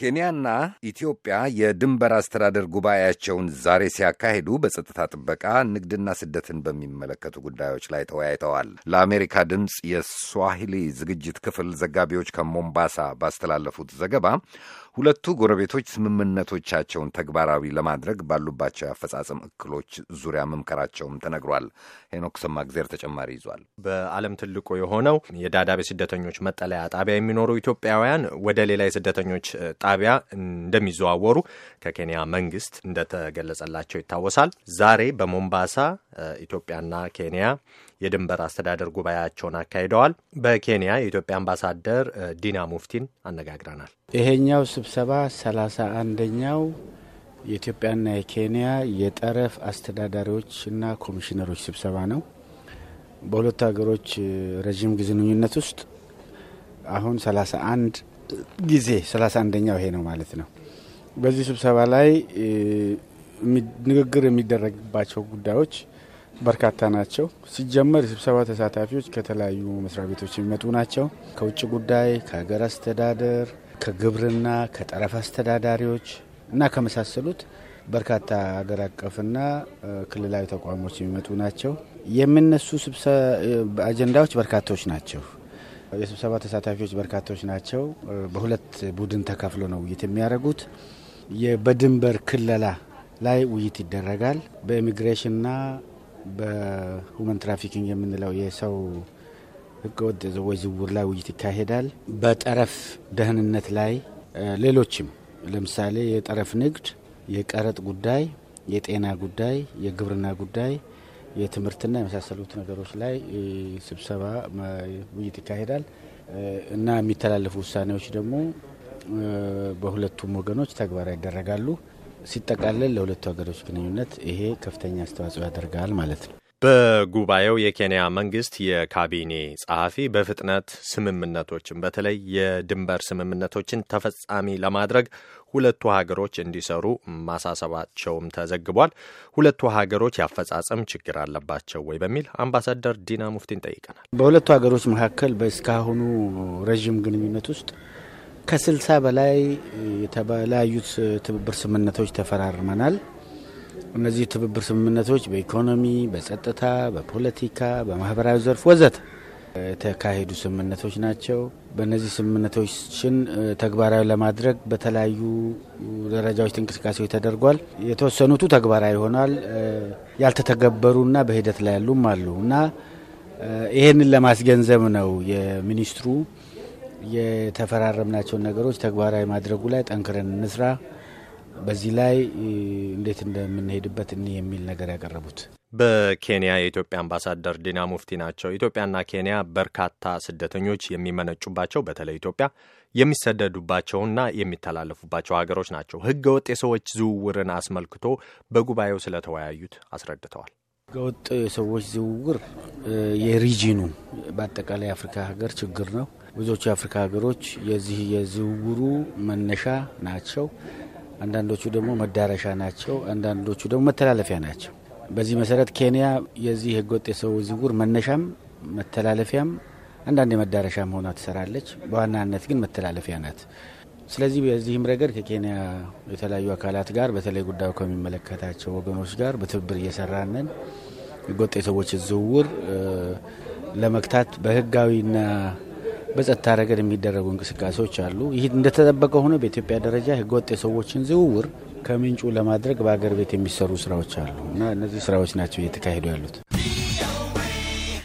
ኬንያና ኢትዮጵያ የድንበር አስተዳደር ጉባኤያቸውን ዛሬ ሲያካሂዱ በጸጥታ ጥበቃ፣ ንግድና ስደትን በሚመለከቱ ጉዳዮች ላይ ተወያይተዋል። ለአሜሪካ ድምፅ የስዋሂሊ ዝግጅት ክፍል ዘጋቢዎች ከሞምባሳ ባስተላለፉት ዘገባ ሁለቱ ጎረቤቶች ስምምነቶቻቸውን ተግባራዊ ለማድረግ ባሉባቸው የአፈጻጸም እክሎች ዙሪያ መምከራቸውም ተነግሯል። ሄኖክ ሰማግዜር ተጨማሪ ይዟል። በዓለም ትልቁ የሆነው የዳዳቤ ስደተኞች መጠለያ ጣቢያ የሚኖሩ ኢትዮጵያውያን ወደ ሌላ የስደተኞች ጣቢያ እንደሚዘዋወሩ ከኬንያ መንግስት እንደተገለጸላቸው ይታወሳል። ዛሬ በሞምባሳ ኢትዮጵያና ኬንያ የድንበር አስተዳደር ጉባኤያቸውን አካሂደዋል። በኬንያ የኢትዮጵያ አምባሳደር ዲና ሙፍቲን አነጋግረናል። ይሄኛው ስብሰባ ሰላሳ አንደኛው የኢትዮጵያና የኬንያ የጠረፍ አስተዳዳሪዎችና ኮሚሽነሮች ስብሰባ ነው። በሁለቱ ሀገሮች ረዥም ግንኙነት ውስጥ አሁን ሰላሳ አንድ ጊዜ ሰላሳ አንደኛው ይሄ ነው ማለት ነው። በዚህ ስብሰባ ላይ ንግግር የሚደረግባቸው ጉዳዮች በርካታ ናቸው። ሲጀመር የስብሰባ ተሳታፊዎች ከተለያዩ መስሪያ ቤቶች የሚመጡ ናቸው። ከውጭ ጉዳይ፣ ከሀገር አስተዳደር፣ ከግብርና፣ ከጠረፍ አስተዳዳሪዎች እና ከመሳሰሉት በርካታ ሀገር አቀፍና ክልላዊ ተቋሞች የሚመጡ ናቸው። የሚነሱ አጀንዳዎች በርካታዎች ናቸው። የስብሰባ ተሳታፊዎች በርካታዎች ናቸው። በሁለት ቡድን ተከፍሎ ነው ውይይት የሚያደርጉት። በድንበር ክለላ ላይ ውይይት ይደረጋል። በኢሚግሬሽንና በሁመን ትራፊኪንግ የምንለው የሰው ህገወጥ ወይ ዝውውር ላይ ውይይት ይካሄዳል። በጠረፍ ደህንነት ላይ ሌሎችም ለምሳሌ የጠረፍ ንግድ፣ የቀረጥ ጉዳይ፣ የጤና ጉዳይ፣ የግብርና ጉዳይ፣ የትምህርትና የመሳሰሉት ነገሮች ላይ ስብሰባ ውይይት ይካሄዳል እና የሚተላለፉ ውሳኔዎች ደግሞ በሁለቱም ወገኖች ተግባራዊ ይደረጋሉ። ሲጠቃለል ለሁለቱ ሀገሮች ግንኙነት ይሄ ከፍተኛ አስተዋጽኦ ያደርጋል ማለት ነው። በጉባኤው የኬንያ መንግስት የካቢኔ ጸሐፊ በፍጥነት ስምምነቶችን በተለይ የድንበር ስምምነቶችን ተፈጻሚ ለማድረግ ሁለቱ ሀገሮች እንዲሰሩ ማሳሰባቸውም ተዘግቧል። ሁለቱ ሀገሮች ያፈጻጸም ችግር አለባቸው ወይ በሚል አምባሳደር ዲና ሙፍቲን ጠይቀናል። በሁለቱ ሀገሮች መካከል በእስካሁኑ ረዥም ግንኙነት ውስጥ ከስልሳ በላይ የተለያዩት ትብብር ስምምነቶች ተፈራርመናል። እነዚህ ትብብር ስምምነቶች በኢኮኖሚ፣ በጸጥታ፣ በፖለቲካ፣ በማህበራዊ ዘርፍ ወዘተ የተካሄዱ ስምምነቶች ናቸው። በእነዚህ ስምምነቶችን ተግባራዊ ለማድረግ በተለያዩ ደረጃዎች እንቅስቃሴዎች ተደርጓል። የተወሰኑቱ ተግባራዊ ይሆናል። ያልተተገበሩና በሂደት ላይ ያሉም አሉ እና ይህንን ለማስገንዘብ ነው የሚኒስትሩ የተፈራረምናቸውን ነገሮች ተግባራዊ ማድረጉ ላይ ጠንክረን እንስራ፣ በዚህ ላይ እንዴት እንደምንሄድበት እኒህ የሚል ነገር ያቀረቡት በኬንያ የኢትዮጵያ አምባሳደር ዲና ሙፍቲ ናቸው። ኢትዮጵያና ኬንያ በርካታ ስደተኞች የሚመነጩባቸው በተለይ ኢትዮጵያ የሚሰደዱባቸውና የሚተላለፉባቸው ሀገሮች ናቸው። ወጥ የሰዎች ዝውውርን አስመልክቶ በጉባኤው ስለተወያዩት አስረድተዋል። ወጥ የሰዎች ዝውውር የሪጂኑ በአጠቃላይ የአፍሪካ ሀገር ችግር ነው። ብዙዎቹ የአፍሪካ ሀገሮች የዚህ የዝውውሩ መነሻ ናቸው። አንዳንዶቹ ደግሞ መዳረሻ ናቸው። አንዳንዶቹ ደግሞ መተላለፊያ ናቸው። በዚህ መሰረት ኬንያ የዚህ ህገወጥ የሰው ዝውውር መነሻም መተላለፊያም አንዳንድ የመዳረሻ መሆኗ ትሰራለች። በዋናነት ግን መተላለፊያ ናት። ስለዚህ በዚህም ረገድ ከኬንያ የተለያዩ አካላት ጋር በተለይ ጉዳዩ ከሚመለከታቸው ወገኖች ጋር በትብብር እየሰራንን ህገወጥ የሰዎች ዝውውር ለመግታት በህጋዊና በጸጥታ ረገድ የሚደረጉ እንቅስቃሴዎች አሉ። ይህ እንደተጠበቀ ሆኖ በኢትዮጵያ ደረጃ ህገወጥ የሰዎችን ዝውውር ከምንጩ ለማድረግ በአገር ቤት የሚሰሩ ስራዎች አሉ እና እነዚህ ስራዎች ናቸው እየተካሄዱ ያሉት።